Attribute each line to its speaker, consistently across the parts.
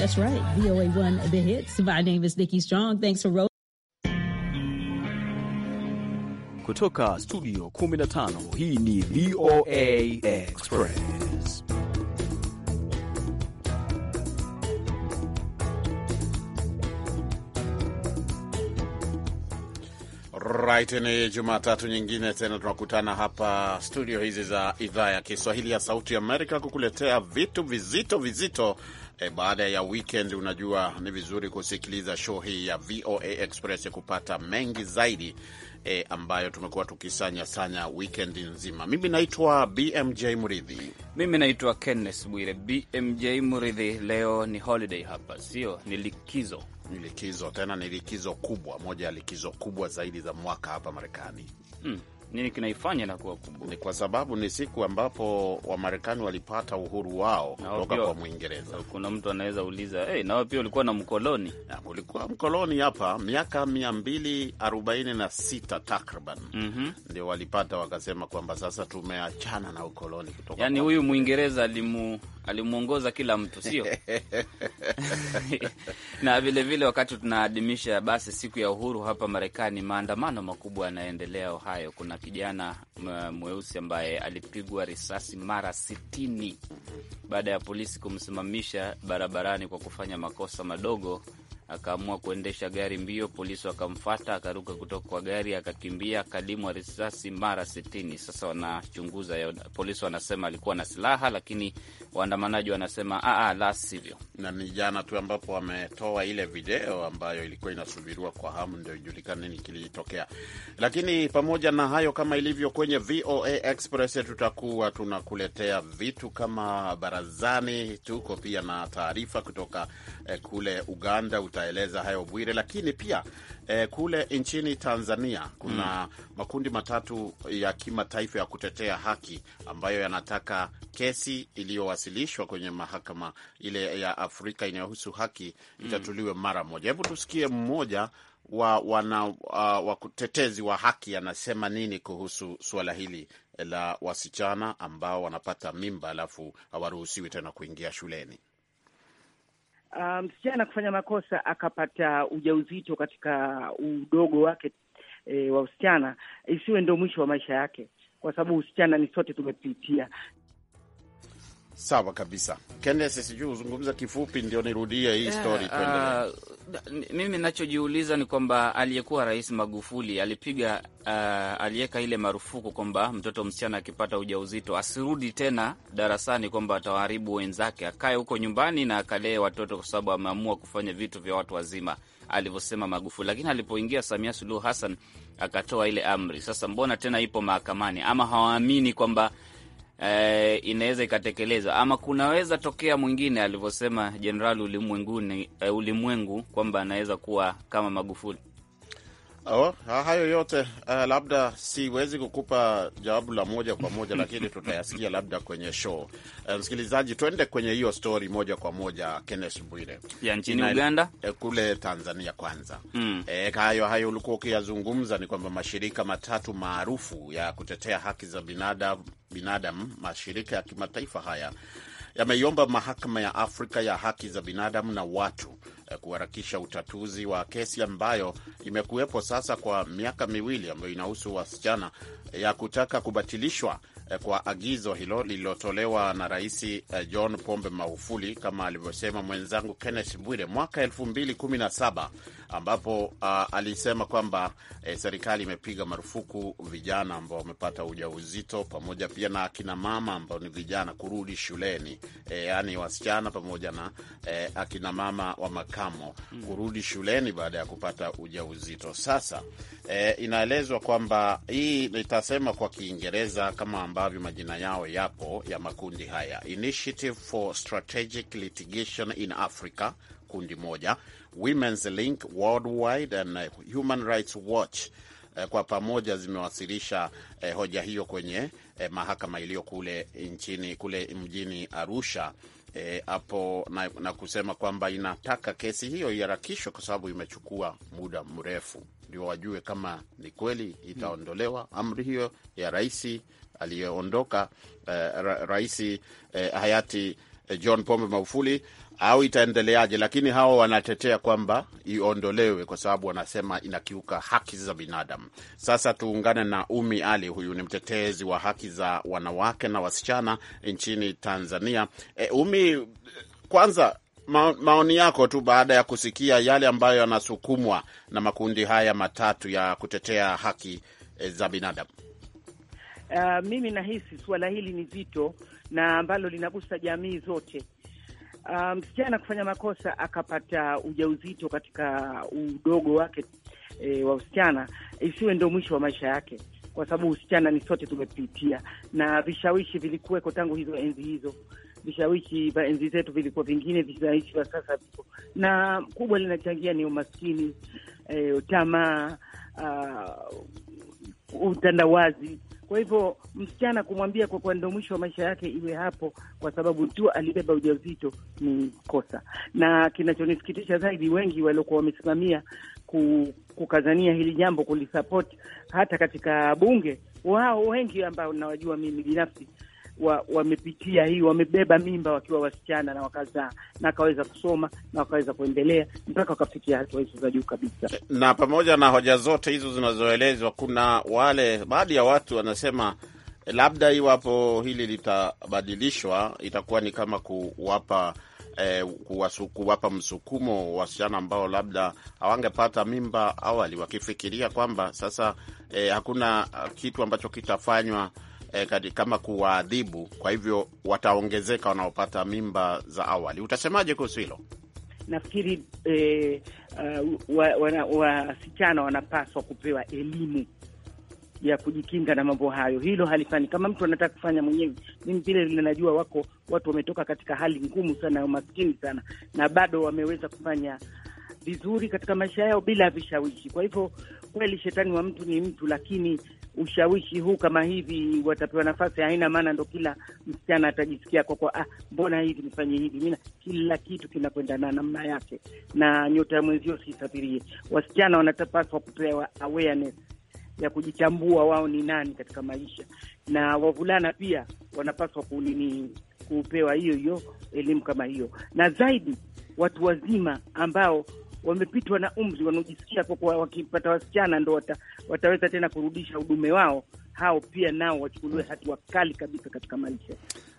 Speaker 1: That's right. VOA1 The Hits. My name is Nikki Strong. Thanks for rolling.
Speaker 2: kutoka studio 15. Hii ni VOA Express. Right, ni Jumatatu nyingine tena tunakutana hapa studio hizi za idhaa ya Kiswahili ya Sauti Amerika kukuletea vitu vizito vizito E, baada ya weekend, unajua ni vizuri kusikiliza show hii ya VOA Express kupata mengi zaidi e, ambayo tumekuwa tukisanya sanya weekend nzima. Mimi naitwa BMJ Muridhi. Mimi naitwa Kenneth Bwire. BMJ Muridhi, leo ni holiday hapa, sio? Ni likizo ni likizo, tena ni likizo kubwa, moja ya likizo kubwa zaidi za mwaka hapa Marekani. hmm nini kinaifanya na kuwa kubwa? Ni kwa sababu ni siku ambapo Wamarekani walipata uhuru wao kutoka kwa Mwingereza. Kuna mtu anaweza uliza hey, nao pia ulikuwa na mkoloni? Ulikuwa mkoloni hapa miaka 246 takriban, mm -hmm. Ndio walipata wakasema kwamba sasa tumeachana na ukoloni kutoka, yani huyu Mwingereza alimu alimwongoza kila mtu, sio
Speaker 3: na vilevile, wakati tunaadhimisha basi siku ya uhuru hapa Marekani, maandamano makubwa yanaendelea Ohio. Kuna kijana mweusi ambaye alipigwa risasi mara sitini baada ya polisi kumsimamisha barabarani kwa kufanya makosa madogo akaamua kuendesha gari mbio. Polisi wakamfata, akaruka kutoka kwa gari, akakimbia, akalimwa risasi mara sitini. Sasa wanachunguza, polisi
Speaker 2: wanasema alikuwa na silaha, lakini waandamanaji wanasema aa, ah, ah, la sivyo. Na ni jana tu ambapo wametoa ile video ambayo ilikuwa inasubiriwa kwa hamu ndio ijulikane nini kilitokea. Lakini pamoja na hayo, kama ilivyo kwenye VOA Express, tutakuwa tunakuletea vitu kama barazani. Tuko pia na taarifa kutoka eh, kule Uganda uta tutaeleza hayo Bwire, lakini pia eh, kule nchini Tanzania kuna mm. makundi matatu ya kimataifa ya kutetea haki ambayo yanataka kesi iliyowasilishwa kwenye mahakama ile ya Afrika inayohusu haki mm. itatuliwe mara moja. Hebu tusikie mmoja wa wana uh, wakutetezi wa haki anasema nini kuhusu suala hili la wasichana ambao wanapata mimba alafu hawaruhusiwi tena kuingia shuleni.
Speaker 4: Ah, msichana um, kufanya makosa akapata ujauzito katika udogo wake e, wa usichana isiwe ndio mwisho wa maisha yake, kwa sababu usichana ni sote tumepitia.
Speaker 2: Sawa kabisa, Kendes, sijui uzungumza kifupi, ndio nirudie hii yeah, story
Speaker 3: Uh, mimi nachojiuliza ni kwamba aliyekuwa Rais Magufuli alipiga uh, aliweka ile marufuku kwamba mtoto msichana akipata ujauzito asirudi tena darasani, kwamba atawaharibu wenzake, akae huko nyumbani na akalee watoto, kwa sababu ameamua kufanya vitu vya watu wazima alivyosema Magufuli. Lakini alipoingia Samia Suluhu Hassan akatoa ile amri. Sasa mbona tena ipo mahakamani? Ama hawaamini kwamba eh, inaweza ikatekelezwa ama kunaweza tokea mwingine alivyosema Jenerali
Speaker 2: Ulimwenguni eh, Ulimwengu kwamba anaweza kuwa kama Magufuli. Oh, hayo yote uh, labda siwezi kukupa jawabu la moja kwa moja lakini tutayasikia labda kwenye show. Uh, msikilizaji, twende kwenye hiyo stori moja kwa moja, Kenneth Bwire ya nchini Uganda eh, kule Tanzania kwanza mm. Eh, hayo hayo ulikuwa ukiyazungumza ni kwamba mashirika matatu maarufu ya kutetea haki za binadamu binadamu, mashirika ya kimataifa haya yameiomba mahakama ya Afrika ya haki za binadamu na watu eh, kuharakisha utatuzi wa kesi ambayo imekuwepo sasa kwa miaka miwili ambayo inahusu wasichana eh, ya kutaka kubatilishwa eh, kwa agizo hilo lililotolewa na Rais John Pombe Magufuli, kama alivyosema mwenzangu Kenneth Bwire mwaka 217 ambapo uh, alisema kwamba eh, serikali imepiga marufuku vijana ambao wamepata ujauzito pamoja pia na akina mama ambao ni vijana kurudi shuleni, eh, yani wasichana pamoja na eh, akina mama wa makamo hmm. kurudi shuleni baada ya kupata ujauzito. Sasa eh, inaelezwa kwamba hii itasema kwa Kiingereza kama ambavyo majina yao yapo ya makundi haya Initiative for Strategic Litigation in Africa kundi moja Women's Link Worldwide and uh, Human Rights Watch uh, kwa pamoja zimewasilisha eh, hoja hiyo kwenye eh, mahakama iliyo kule nchini kule mjini Arusha hapo eh, na, na kusema kwamba inataka kesi hiyo iharakishwe kwa sababu imechukua muda mrefu, ndio wajue kama ni kweli itaondolewa amri hiyo ya rais aliyeondoka eh, ra, rais eh, hayati Eh, John Pombe Magufuli au itaendeleaje? Lakini hawa wanatetea kwamba iondolewe kwa sababu wanasema inakiuka haki za binadamu. Sasa tuungane na Umi Ali, huyu ni mtetezi wa haki za wanawake na wasichana nchini Tanzania. E, Umi, kwanza maoni yako tu baada ya kusikia yale ambayo yanasukumwa na makundi haya matatu ya kutetea haki eh, za binadamu.
Speaker 4: Uh, mimi nahisi suala hili ni zito na ambalo linagusa jamii zote. Msichana eh, msichana kufanya makosa akapata ujauzito katika udogo wake e, wa usichana isiwe ndio mwisho wa maisha yake, kwa sababu usichana ni sote tumepitia, na vishawishi vilikuweko tangu hizo enzi hizo vishawishi vya enzi zetu vilikuwa vingine, vishawishi vya sasa viko na kubwa linachangia ni umaskini, e, tamaa, uh, ah, utandawazi kwa hivyo msichana kumwambia kwa kuwa ndo mwisho wa maisha yake iwe hapo, kwa sababu tu alibeba ujauzito ni kosa. Na kinachonisikitisha zaidi, wengi waliokuwa wamesimamia kukazania hili jambo kulisapoti hata katika bunge, wao wengi ambao nawajua mimi binafsi wa, wamepitia hii, wamebeba mimba wakiwa wasichana na wakazaa na wakaweza kusoma na wakaweza kuendelea mpaka wakafikia hatua hizo za juu kabisa.
Speaker 2: Na pamoja na hoja zote hizo zinazoelezwa, kuna wale baadhi ya watu wanasema labda iwapo hili litabadilishwa itakuwa ni kama kuwapa eh, kuwasu, kuwapa msukumo wasichana ambao labda hawangepata mimba awali, wakifikiria kwamba sasa eh, hakuna kitu ambacho kitafanywa eh, kama kuwaadhibu. Kwa hivyo wataongezeka wanaopata mimba za awali. Utasemaje kuhusu hilo?
Speaker 4: Nafikiri eh, uh, wasichana wa, wa, wanapaswa kupewa elimu ya kujikinga na mambo hayo. Hilo halifani kama mtu anataka kufanya mwenyewe. Mimi vile vile najua wako watu wametoka katika hali ngumu sana ya umaskini sana, na bado wameweza kufanya vizuri katika maisha yao bila vishawishi. Kwa hivyo kweli, shetani wa mtu ni mtu, lakini ushawishi huu kama hivi watapewa nafasi, haina maana ndo kila msichana atajisikia kwa kwa, ah, mbona hivi nifanye hivi mina, kila kitu kinakwenda na namna yake, na nyota ya mwenzio sisafirie. Wasichana wanatapaswa kupewa awareness ya kujichambua wao ni nani katika maisha, na wavulana pia wanapaswa kunini kupewa hiyo hiyo elimu kama hiyo, na zaidi watu wazima ambao wamepitwa na umri, wanaojisikia kwa wakipata wasichana ndo wata, wataweza tena kurudisha udume wao, hao pia nao wachukuliwe hatua kali kabisa katika maisha.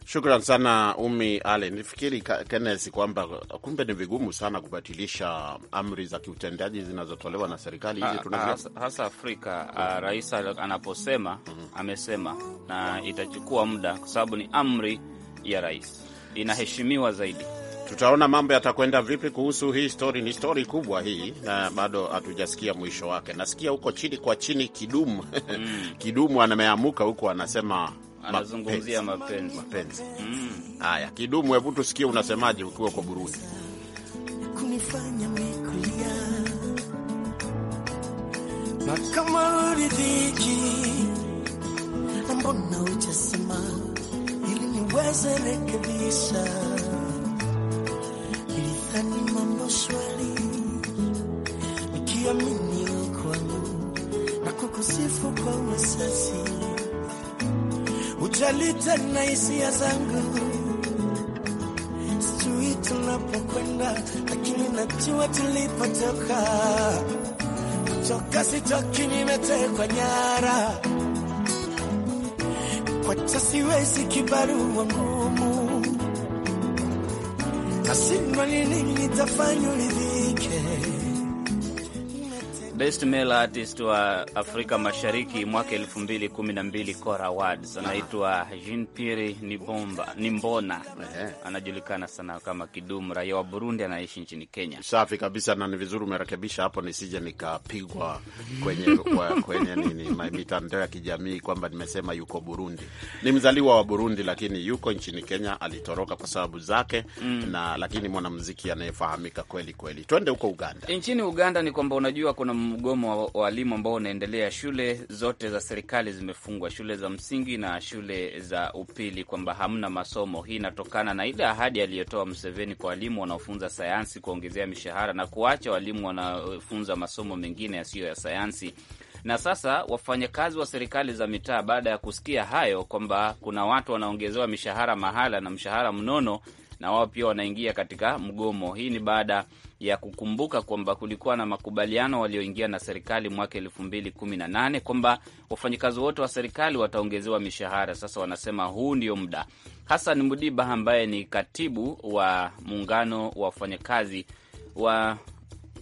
Speaker 2: Shukran sana Umi Ale. Nifikiri Kenes kwamba kumbe ni vigumu sana kubatilisha amri za kiutendaji zinazotolewa na serikali hizi ah,
Speaker 3: hasa Afrika. Ah, rais anaposema mm -hmm. amesema na itachukua muda, kwa sababu
Speaker 2: ni amri ya rais, inaheshimiwa zaidi. Tutaona mambo yatakwenda vipi kuhusu hii stori. Ni stori kubwa hii, na bado hatujasikia mwisho wake. Nasikia huko chini kwa chini, kidum mm. Kidumu anameamuka huko, anasema anazungumzia mapenzi, mapenzi. Mm. Haya mm. Kidumu, hebu tusikie unasemaje ukiwa kwa Burundi.
Speaker 5: uchasema ili niweze rekebisha ni mambo shwari, nikiamini kwangu na kukusifu kwa uwasasi, ujali tena hisia zangu, sijui tunapokwenda, lakini najua tulipotoka. Kutoka sitoki, nimetekwa nyara, kwa cha siwezi kibarua ngumu
Speaker 3: Best Male Artist wa Afrika Mashariki mwaka mbili Kora Awards. Anaitwa Jean Pierre Nibomba Nimbona, anajulikana sana kama Kidumu, raia wa Burundi anaishi nchini
Speaker 2: Kenya. Safi kabisa, na ni vizuri umerekebisha hapo, nisije nikapigwa kwenye kwenye nini mitandao ya kijamii kwamba nimesema yuko Burundi. Ni mzaliwa wa Burundi, lakini yuko nchini Kenya, alitoroka kwa sababu zake mm. na lakini mwanamuziki anayefahamika kweli kweli. Twende huko Uganda.
Speaker 3: Nchini Uganda ni kwamba unajua kuna mgomo wa walimu ambao unaendelea shule shule zote za serikali zimefungwa, shule za msingi na shule za upili, kwamba hamna masomo. Hii inatokana na ile ahadi aliyotoa Mseveni kwa walimu wanaofunza sayansi kuongezea mishahara na kuacha walimu wanaofunza masomo mengine yasiyo ya sayansi. Na sasa wafanyakazi wa serikali za mitaa, baada ya kusikia hayo kwamba kuna watu wanaongezewa mishahara mahala na mshahara mnono, na wao pia wanaingia katika mgomo. Hii ni baada ya kukumbuka kwamba kulikuwa na makubaliano walioingia na serikali mwaka elfu mbili kumi na nane kwamba wafanyakazi wote wa serikali wataongezewa mishahara. Sasa wanasema huu ndio muda. Hassan Mudiba ambaye ni katibu wa muungano wa wafanyakazi wa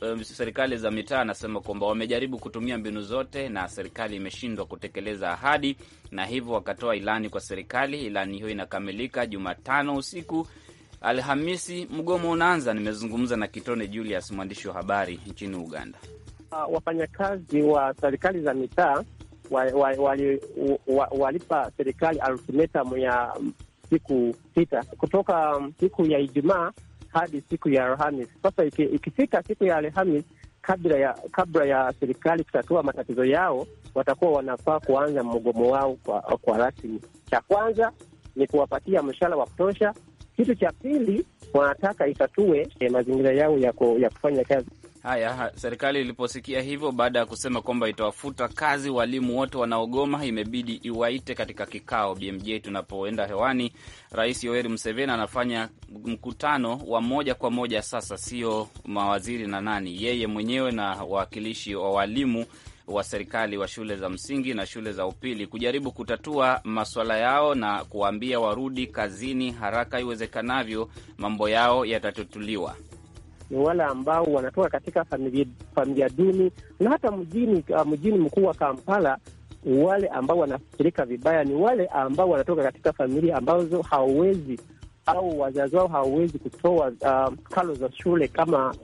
Speaker 3: um, serikali za mitaa anasema kwamba wamejaribu kutumia mbinu zote na serikali imeshindwa kutekeleza ahadi, na hivyo wakatoa ilani kwa serikali. Ilani hiyo inakamilika Jumatano usiku Alhamisi mgomo unaanza. Nimezungumza na Kitone Julius, mwandishi wa habari nchini Uganda.
Speaker 6: Uh, wafanyakazi wa serikali za mitaa walipa serikali ultimatum ya siku sita kutoka um, siku ya Ijumaa hadi siku ya Alhamis. Sasa ikifika siku ya Alhamis, kabla ya kabla ya serikali kutatua matatizo yao, watakuwa wanafaa kuanza mgomo wao kwa, kwa rasmi. Cha kwanza ni kuwapatia mshahara wa kutosha kitu cha pili wanataka itatue eh, mazingira yao ya, ya kufanya kazi.
Speaker 3: Haya ha, serikali iliposikia hivyo, baada ya kusema kwamba itawafuta kazi walimu wote wanaogoma, imebidi iwaite katika kikao BMJ. Tunapoenda hewani, Rais Yoweri Museveni anafanya mkutano wa moja kwa moja sasa, sio mawaziri na nani, yeye mwenyewe na wawakilishi wa walimu wa serikali wa shule za msingi na shule za upili kujaribu kutatua maswala yao na kuwaambia warudi kazini haraka iwezekanavyo, mambo yao yatatutuliwa. Ni
Speaker 6: wale ambao wanatoka katika familia, familia duni na hata mjini, uh, mjini mkuu wa Kampala wale ambao wanafikirika vibaya ni wale ambao wanatoka katika familia ambazo hawawezi au wazazi wao hawawezi kutoa uh, karo za shule kama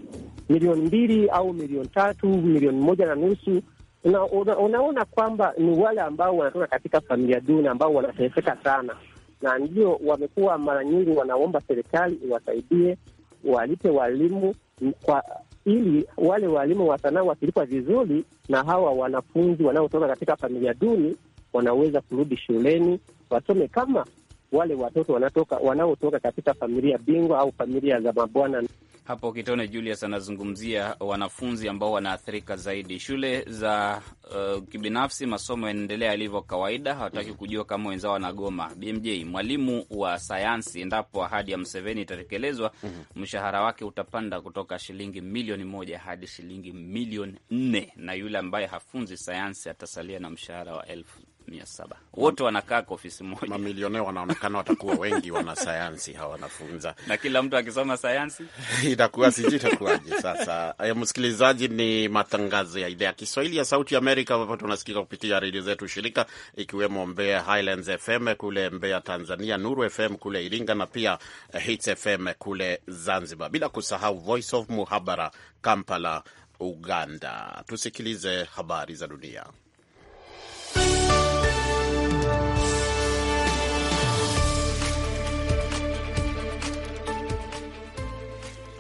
Speaker 6: milioni mbili au milioni tatu, milioni moja na nusu na una, unaona kwamba ni wale ambao wanatoka katika familia duni ambao wanateseka sana, na ndio wamekuwa mara nyingi wanaomba serikali iwasaidie walipe walimu kwa ili wale walimu wa sanaa wakilipwa vizuri, na hawa wanafunzi wanaotoka katika familia duni wanaweza kurudi shuleni wasome kama wale watoto wanatoka wanaotoka katika familia bingwa au familia za mabwana
Speaker 3: hapo Kitone Julius anazungumzia wanafunzi ambao wanaathirika zaidi. Shule za uh, kibinafsi masomo yanaendelea yalivyo kawaida, hawataki mm-hmm. kujua kama wenzao wanagoma. BMJ, mwalimu wa sayansi, endapo ahadi ya Mseveni itatekelezwa, mm-hmm. mshahara wake utapanda kutoka shilingi milioni moja hadi shilingi milioni nne na yule ambaye hafunzi sayansi atasalia na mshahara wa elfu mia saba wote wanakaa kwa ofisi moja. Mamilionea wanaonekana watakuwa
Speaker 2: wengi, wanasayansi hawa wanafunza, na kila mtu akisoma sayansi itakuwa sijui itakuwaje. Sasa eh, msikilizaji, ni matangazo ya idhaa ya Kiswahili ya Sauti ya Amerika ambapo tunasikika kupitia redio zetu shirika, ikiwemo Mbeya Highlands FM kule Mbeya Tanzania, Nuru FM kule Iringa na pia eh, Hits FM kule Zanzibar, bila kusahau Voice of Muhabara Kampala, Uganda. Tusikilize habari za dunia.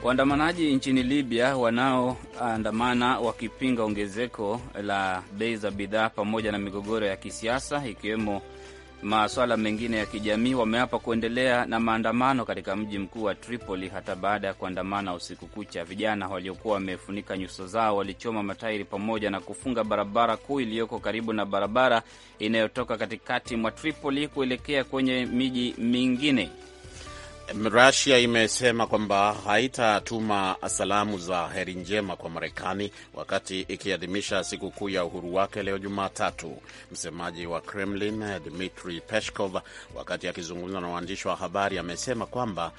Speaker 3: Waandamanaji nchini Libya wanaoandamana wakipinga ongezeko la bei za bidhaa pamoja na migogoro ya kisiasa ikiwemo maswala mengine ya kijamii wameapa kuendelea na maandamano katika mji mkuu wa Tripoli hata baada ya kuandamana usiku kucha. Vijana waliokuwa wamefunika nyuso zao walichoma matairi pamoja na kufunga barabara kuu iliyoko karibu na barabara inayotoka katikati mwa Tripoli kuelekea kwenye miji
Speaker 2: mingine. Rusia imesema kwamba haitatuma salamu za heri njema kwa Marekani wakati ikiadhimisha sikukuu ya uhuru wake leo Jumatatu. Msemaji wa Kremlin Dmitri Peskov, wakati akizungumza na waandishi wa habari, amesema kwamba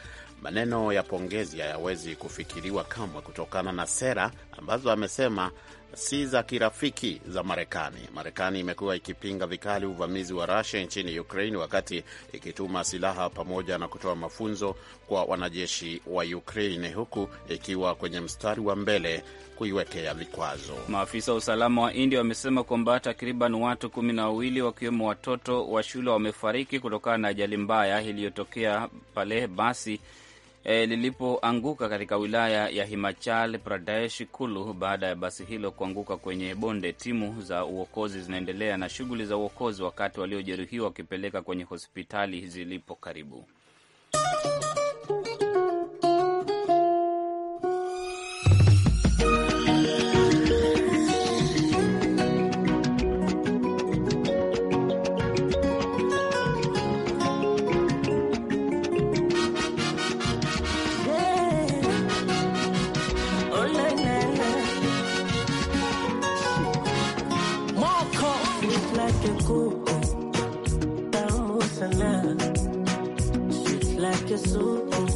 Speaker 2: maneno ya pongezi hayawezi kufikiriwa kamwe kutokana na sera ambazo amesema si za kirafiki za Marekani. Marekani imekuwa ikipinga vikali uvamizi wa Rusia nchini Ukraine wakati ikituma silaha pamoja na kutoa mafunzo kwa wanajeshi wa Ukraine, huku ikiwa kwenye mstari wa mbele kuiwekea vikwazo. Maafisa wa usalama wa India wamesema kwamba
Speaker 3: takriban watu kumi na wawili wakiwemo watoto wa shule wamefariki kutokana na ajali mbaya iliyotokea pale basi e, lilipoanguka katika wilaya ya Himachal Pradesh Kulu, baada ya basi hilo kuanguka kwenye bonde. Timu za uokozi zinaendelea na shughuli za uokozi, wakati waliojeruhiwa wakipeleka kwenye hospitali zilipo karibu
Speaker 5: just so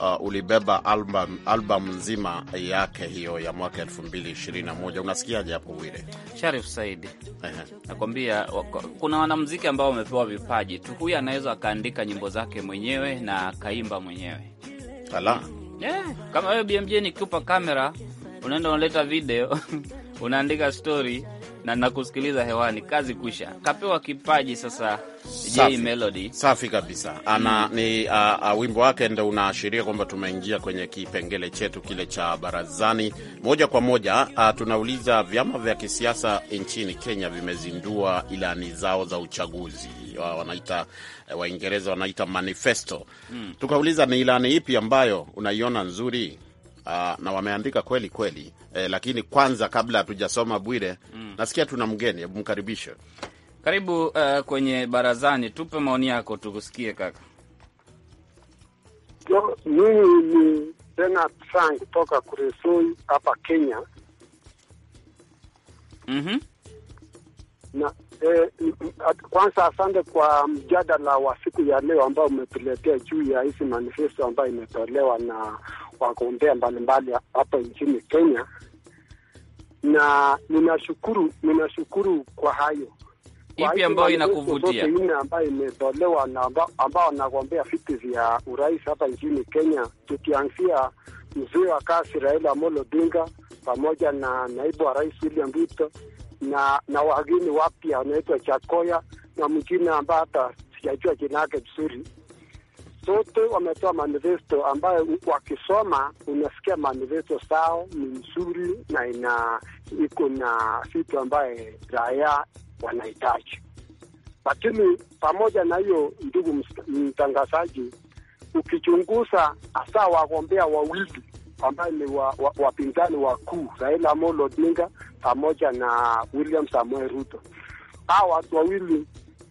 Speaker 2: uh, ulibeba album, album nzima yake hiyo ya mwaka 2021. Unasikiaje hapo Wile Sharif Saidi? Nakwambia
Speaker 3: kuna wanamuziki ambao wamepewa vipaji tu. Huyu anaweza akaandika nyimbo zake mwenyewe na akaimba mwenyewe ala, yeah. Kama wewe BMJ, nikikupa kamera unaenda unaleta video unaandika story na nakusikiliza hewani, kazi kusha. Kapewa kipaji sasa. J Melody safi kabisa
Speaker 2: ana ni a, a, wimbo wake ndo unaashiria kwamba tumeingia kwenye kipengele chetu kile cha barazani moja kwa moja. A, tunauliza vyama vya kisiasa nchini Kenya vimezindua ilani zao za uchaguzi wa, wanaita Waingereza wanaita manifesto mm. Tukauliza, ni ilani ipi ambayo unaiona nzuri uh, na wameandika kweli kweli eh, lakini kwanza kabla hatujasoma Bwire mm. nasikia tuna mgeni, hebu mkaribishe. Karibu uh, kwenye barazani, tupe maoni yako tukusikie kaka.
Speaker 7: Mimi ni Bernard Sang kutoka Kuresoi hapa Kenya. mm -hmm. na eh, kwanza asante kwa mjadala wa siku ya leo ambao umetuletea juu ya hizi manifesto ambayo imetolewa na wagombea mbalimbali hapa nchini Kenya, na ninashukuru ninashukuru kwa hayo
Speaker 3: ipi ambayo inakuvutia ile
Speaker 7: ambayo imetolewa na ambao wanagombea viti vya urais hapa nchini Kenya, tukianzia mzee wa kasi Raila Amolo Odinga pamoja na naibu wa rais William Ruto na na wageni wapya wanaitwa Chakoya na mwingine ambaye hata sijajua jina yake vizuri zote wametoa manifesto ambayo wakisoma unasikia manifesto sao ni mzuri na ina iko na vitu ambaye raia wanahitaji. Lakini pamoja na hiyo, ndugu mtangazaji, ukichunguza hasa wagombea wawili ambaye ni wapinzani wa, wa wakuu Raila Amolo Odinga pamoja na William Samuel Ruto, hawa watu wawili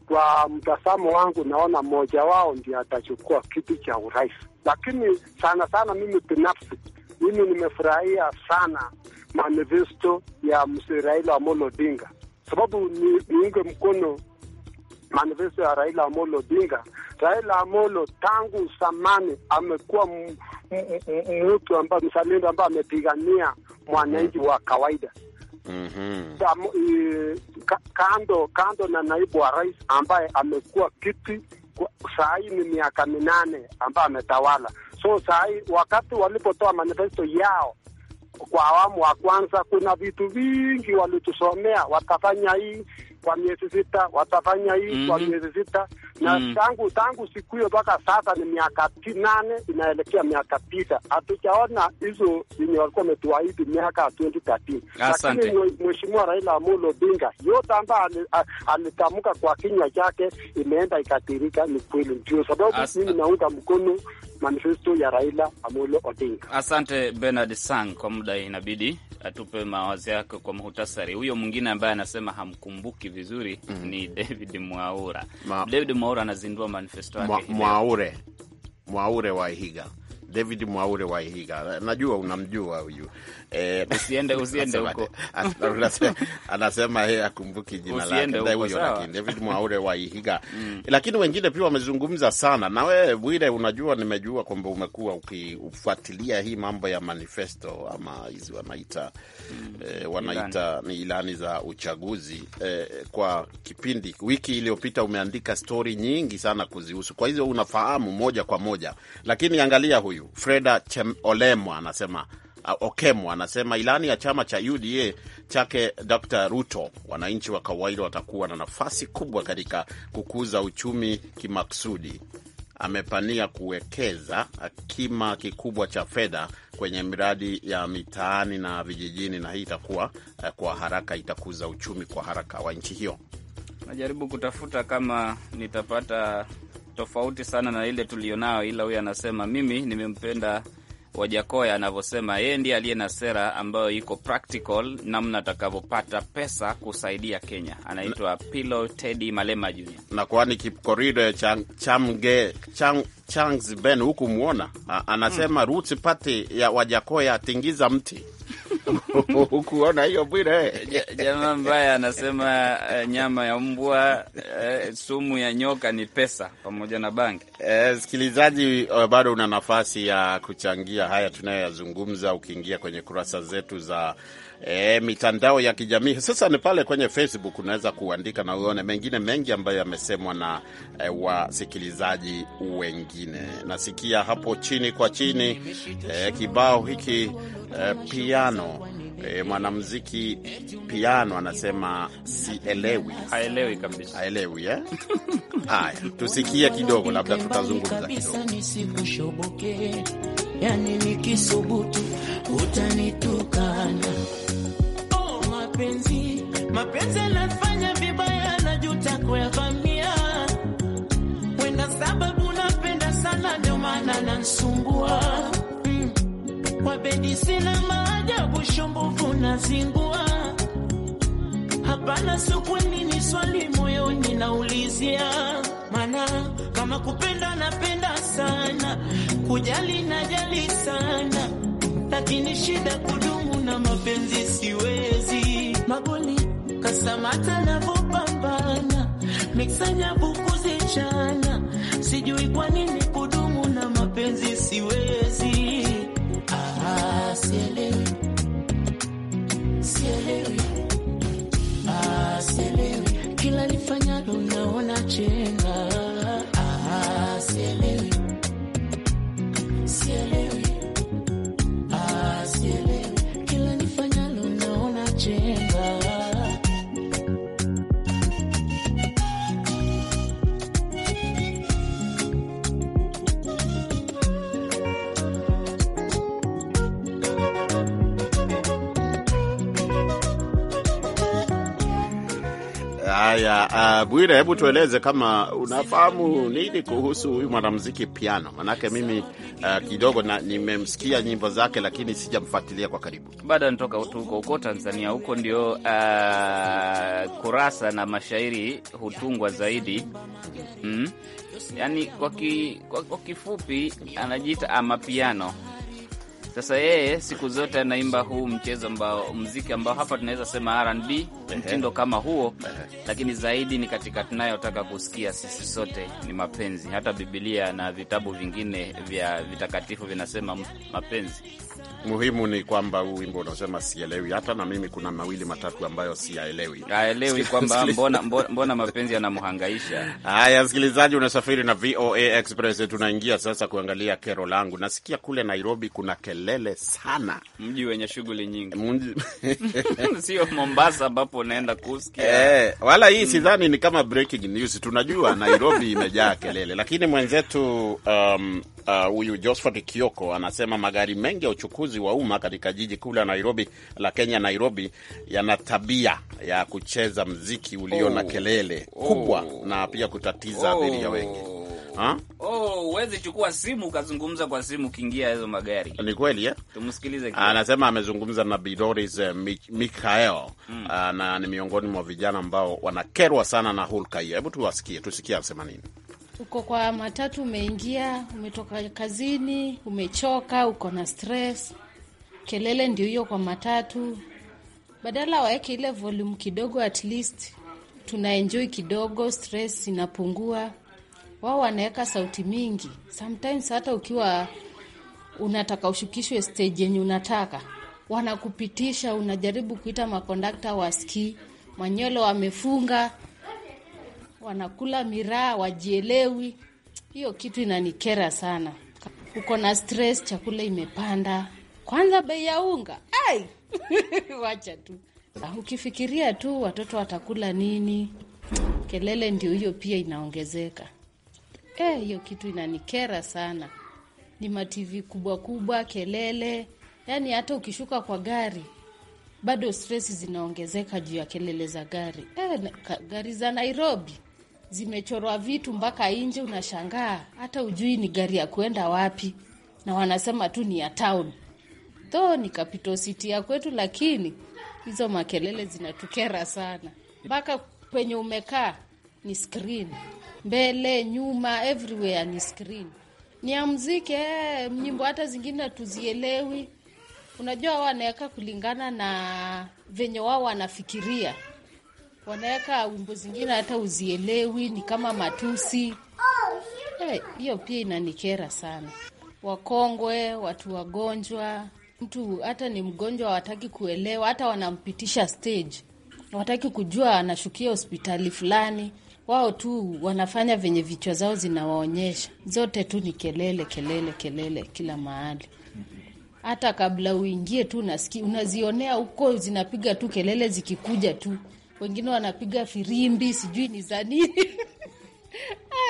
Speaker 7: kwa mtazamo wangu naona mmoja wao ndio atachukua kiti cha urais, lakini sana sana mimi binafsi, mimi nimefurahia sana manifesto ya mzee Raila Amolo Odinga, sababu niunge mkono manifesto ya Raila Amolo Odinga. Raila Amolo tangu zamani amekuwa mtu ambaye mzalendo ambaye amepigania mwananchi wa kawaida.
Speaker 5: Mm -hmm
Speaker 7: kando kando na naibu wa rais ambaye amekuwa kiti saa hii ni miaka minane ambaye ametawala. So saa hii wakati walipotoa manifesto yao kwa awamu wa kwanza, kuna vitu vingi walitusomea, watafanya hii kwa miezi sita, watafanya hii mm -hmm. kwa mhm. miezi sita na mm -hmm. tangu tangu siku hiyo mpaka sasa ni miaka nane inaelekea miaka tisa, hatujaona hizo yenye walikuwa wametuahidi miaka ya 2013 lakini mheshimiwa Raila Amolo Odinga yote ambayo alitamka kwa kinywa chake imeenda ikatirika. Ni kweli, ndio sababu mimi naunga mkono manifesto ya Raila Amolo Odinga.
Speaker 3: Asante Bernard Sang, kwa muda inabidi atupe mawazo yake kwa muhtasari. Huyo mwingine ambaye anasema hamkumbuki vizuri mm ni David Mwaura Ma... David Mwaura anazindua manifesto yake Mwaure
Speaker 2: Mwaure wa Ihiga David Mwaure wa Ihiga, najua unamjua huyu eh, usiende usiende huko anasema yeye akumbuki jina lake huyo, lakini David Mwaure wa Ihiga mm. Lakini wengine pia wamezungumza sana na wewe Bwire, unajua nimejua kwamba umekuwa ukifuatilia hii mambo ya manifesto ama hizi wanaita mm. e, wanaita ni ilani za uchaguzi e, kwa kipindi wiki iliyopita umeandika stori nyingi sana kuzihusu, kwa hiyo unafahamu moja kwa moja, lakini angalia huyu huyu Freda Olemo anasema uh, Okemo anasema ilani ya chama cha UDA chake Dr Ruto, wananchi wa kawaida watakuwa na nafasi kubwa katika kukuza uchumi kimaksudi. Amepania kuwekeza kima kikubwa cha fedha kwenye miradi ya mitaani na vijijini, na hii itakuwa uh, kwa haraka, itakuza uchumi kwa haraka wa nchi hiyo.
Speaker 3: Najaribu kutafuta kama nitapata tofauti sana na ile tulionayo, ila huyu anasema mimi nimempenda Wajakoya anavyosema yeye ndiye aliye na sera ambayo iko practical, namna atakavyopata pesa kusaidia Kenya. Anaitwa Pilo
Speaker 2: Teddy Malema Junior na kwani Kipkorir Chamge chang, Changs Ben huku muona anasema hmm, roots party ya Wajakoya tingiza mti hukuona hiyo Bwire. Jamaa mbaye anasema eh, nyama ya mbwa eh, sumu ya nyoka ni pesa pamoja na bangi. Eh, msikilizaji sikilizaji, bado una nafasi ya kuchangia haya tunayoyazungumza ukiingia kwenye kurasa zetu za e, mitandao ya kijamii sasa ni pale kwenye Facebook unaweza kuandika na uone mengine mengi ambayo yamesemwa na e, wasikilizaji wengine. Nasikia hapo chini kwa chini e, kibao hiki e, piano E, mwanamuziki piano anasema sielewi, haelewi kabisa, haelewi eh? Haya, tusikie kidogo, labda tutazungumza
Speaker 5: kidogo yani nikisubutu utanitukana. Oh, mapenzi mapenzi anafanya vibaya, najuta kuyavamia, wenda sababu napenda sana, ndio maana nansumbua mm. Kwa bendi sina maajabu, shumbuvu nazingua, hapana, sukweni ni swali moyoni naulizia sana, kama kupenda napenda sana, kujali najali sana, lakini shida kudumu na mapenzi siwezi. Magoli kasamata navyopambana, miksanya bukuzi chana, sijui kwa nini
Speaker 2: Bwire, hebu tueleze kama unafahamu nini kuhusu huyu mwanamuziki Piano, manake mimi uh, kidogo nimemsikia nyimbo zake, lakini sijamfuatilia kwa karibu bado.
Speaker 3: Natoka tu huko huko Tanzania, huko ndio uh, kurasa na mashairi hutungwa zaidi mm. Yani kwa, ki, kwa, kwa kifupi anajiita Amapiano. Sasa yeye siku zote anaimba huu mchezo ambao mziki ambao hapa tunaweza sema R&B mtindo kama huo, lakini zaidi ni katika tunayotaka kusikia sisi sote ni mapenzi. Hata bibilia na vitabu vingine
Speaker 2: vya vitakatifu vinasema mapenzi. Muhimu ni kwamba huu wimbo unasema sielewi. Hata na mimi kuna mawili matatu ambayo siyaelewi, aelewi kwamba mbona, mbona mapenzi yanamhangaisha. Haya, msikilizaji, unasafiri na VOA Express. Tunaingia sasa kuangalia kero langu. Nasikia kule Nairobi kuna kelele sana, mji wenye shughuli nyingi, sio Mombasa ambapo unaenda kusikia eh, wala hii mm. Sidhani ni kama breaking news. Tunajua Nairobi imejaa kelele, lakini mwenzetu um, uh, huyu uh, Josephat Kioko anasema magari mengi ya uchukuzi wa umma katika jiji kuu la Nairobi la Kenya, Nairobi, yana tabia ya kucheza mziki ulio oh. na kelele kubwa oh. na pia kutatiza abiria oh. wengi
Speaker 3: Oh, huwezi chukua simu ukazungumza kwa simu ukiingia hizo magari. Ni kweli eh? Tumsikilize. Anasema
Speaker 2: amezungumza na Bidoris eh, Mikael mm. na ni miongoni mwa vijana ambao wanakerwa sana na hulka hiyo. Hebu tuwasikie, tusikie anasema nini.
Speaker 1: Uko kwa matatu, umeingia, umetoka kazini, umechoka, uko na stress, kelele ndio hiyo kwa matatu. Badala waweke ile volume kidogo, at least tunaenjoy kidogo, stress inapungua wao wanaweka sauti mingi. Sometimes hata ukiwa unataka ushukishwe stage yenye unataka, wanakupitisha. Unajaribu kuita makondakta waski Manyolo wamefunga, wanakula miraa, wajielewi. Hiyo kitu inanikera sana. Uko na stress, chakula imepanda, kwanza bei ya unga ai, wacha tu ah, ukifikiria tu watoto watakula nini, kelele ndio hiyo pia inaongezeka. Eh, hiyo eh, kitu inanikera sana. Ni mativi kubwa kubwa, kelele, yaani hata ukishuka kwa gari bado stress zinaongezeka juu ya kelele za gari eh, gari za Nairobi zimechorwa vitu mpaka nje, unashangaa hata ujui ni gari ya kuenda wapi, na wanasema tu ni ya town tho ni capital city ya kwetu, lakini hizo makelele zinatukera sana, mpaka penye umekaa ni screen mbele nyuma, everywhere ni screen, ni ya mziki eh, nyimbo hata zingine hatuzielewi. Unajua, wanaweka kulingana na venye wao wanafikiria, wanaweka wimbo zingine hata uzielewi, ni kama matusi eh, hiyo. Hey, pia inanikera sana. Wakongwe, watu wagonjwa, mtu hata ni mgonjwa hawataki kuelewa, hata wanampitisha stage, hawataki kujua anashukia hospitali fulani wao tu wanafanya venye vichwa zao zinawaonyesha. Zote tu ni kelele, kelele, kelele kila mahali. Hata kabla uingie tu unasikia, unazionea huko zinapiga tu kelele zikikuja tu, wengine wanapiga firimbi, sijui ni za nini.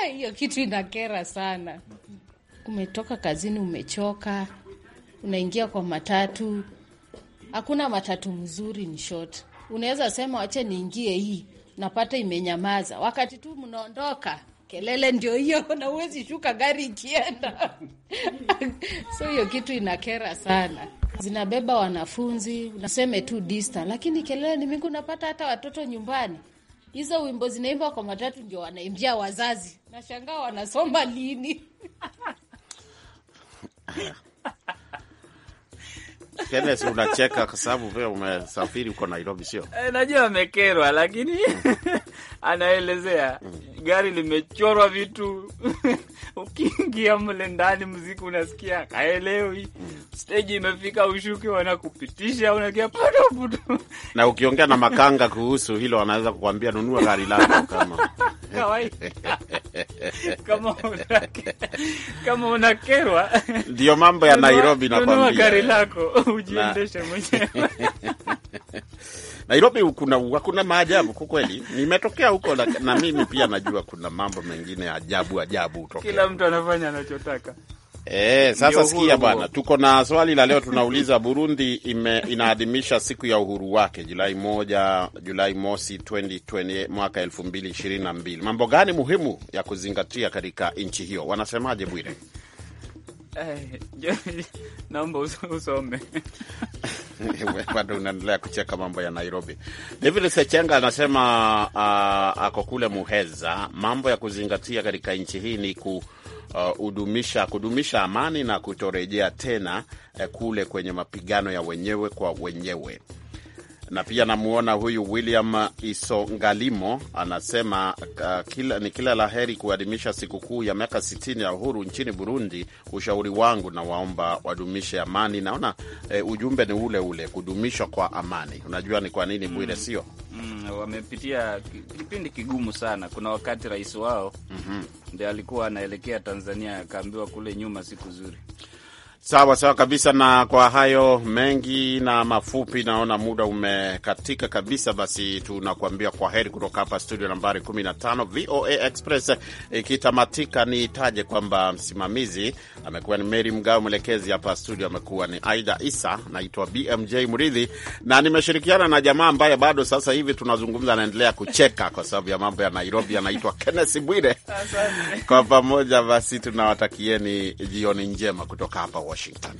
Speaker 1: Ah, hiyo kitu inakera sana. Umetoka kazini umechoka, unaingia kwa matatu. Hakuna matatu mzuri, ni short. Unaweza sema wache niingie hii napata imenyamaza. Wakati tu mnaondoka, kelele ndio hiyo, na uwezi shuka gari ikienda so hiyo kitu inakera sana zinabeba wanafunzi naseme tu dista, lakini kelele ni mingi, unapata hata watoto nyumbani. Hizo wimbo zinaimba kwa matatu ndio wanaimbia wazazi, nashangaa wanasoma lini?
Speaker 2: Kenes, unacheka kwa sababu wewe umesafiri uko Nairobi, sio?
Speaker 3: E, najua amekerwa, lakini anaelezea mm. gari limechorwa vitu ukiingia mle ndani mziki unasikia kaelewi, steji imefika, ushuke, wanakupitisha unakia putu putu.
Speaker 2: Na ukiongea na makanga kuhusu hilo, wanaweza kukwambia nunua gari lako kama
Speaker 3: kama unake, kama unakerwa,
Speaker 2: ndio mambo ya Nairobi nakwambia, gari lako ujiendeshe mwenyewe. Nairobi kuna, kuna maajabu kwa kweli, nimetokea huko na, na mimi pia najua kuna mambo mengine ajabu ajabu hutokea kila mtu
Speaker 3: anafanya anachotaka.
Speaker 2: Eh, sasa sikia bwana, tuko na swali la leo tunauliza. Burundi ime, inaadhimisha siku ya uhuru wake Julai moja, Julai mosi 2020 mwaka 2022. Mambo gani muhimu ya kuzingatia katika nchi hiyo? Wanasemaje Bwire?
Speaker 3: Eh, naomba usome
Speaker 2: bado unaendelea kucheka mambo ya Nairobi. David Sechenga anasema uh, ako kule Muheza. Mambo ya kuzingatia katika nchi hii ni ku Uh, udumisha, kudumisha amani na kutorejea tena eh, kule kwenye mapigano ya wenyewe kwa wenyewe na pia namuona huyu William Isongalimo anasema uh, kila, ni kila la heri kuadhimisha sikukuu ya miaka 60 ya uhuru nchini Burundi. Ushauri wangu na waomba wadumishe amani. Naona eh, ujumbe ni ule ule, kudumishwa kwa amani. Unajua ni kwa nini Bwire? mm. sio
Speaker 3: mm, wamepitia kipindi kigumu sana. Kuna wakati rais wao
Speaker 2: mm -hmm.
Speaker 3: ndio alikuwa anaelekea Tanzania, akaambiwa kule nyuma
Speaker 2: siku zuri Sawa sawa kabisa. Na kwa hayo mengi na mafupi, naona muda umekatika kabisa. Basi tunakuambia kwa heri kutoka hapa studio nambari 15 VOA Express ikitamatika. Niitaje kwamba msimamizi amekuwa ni Meri Mgawe, mwelekezi hapa studio amekuwa ni Aida Isa, naitwa BMJ Mridhi na nimeshirikiana na jamaa ambaye bado sasa hivi tunazungumza, anaendelea kucheka kwa sababu ya mambo ya Nairobi, anaitwa Kenneth Bwire. Kwa pamoja basi tunawatakieni jioni njema kutoka hapa Washington.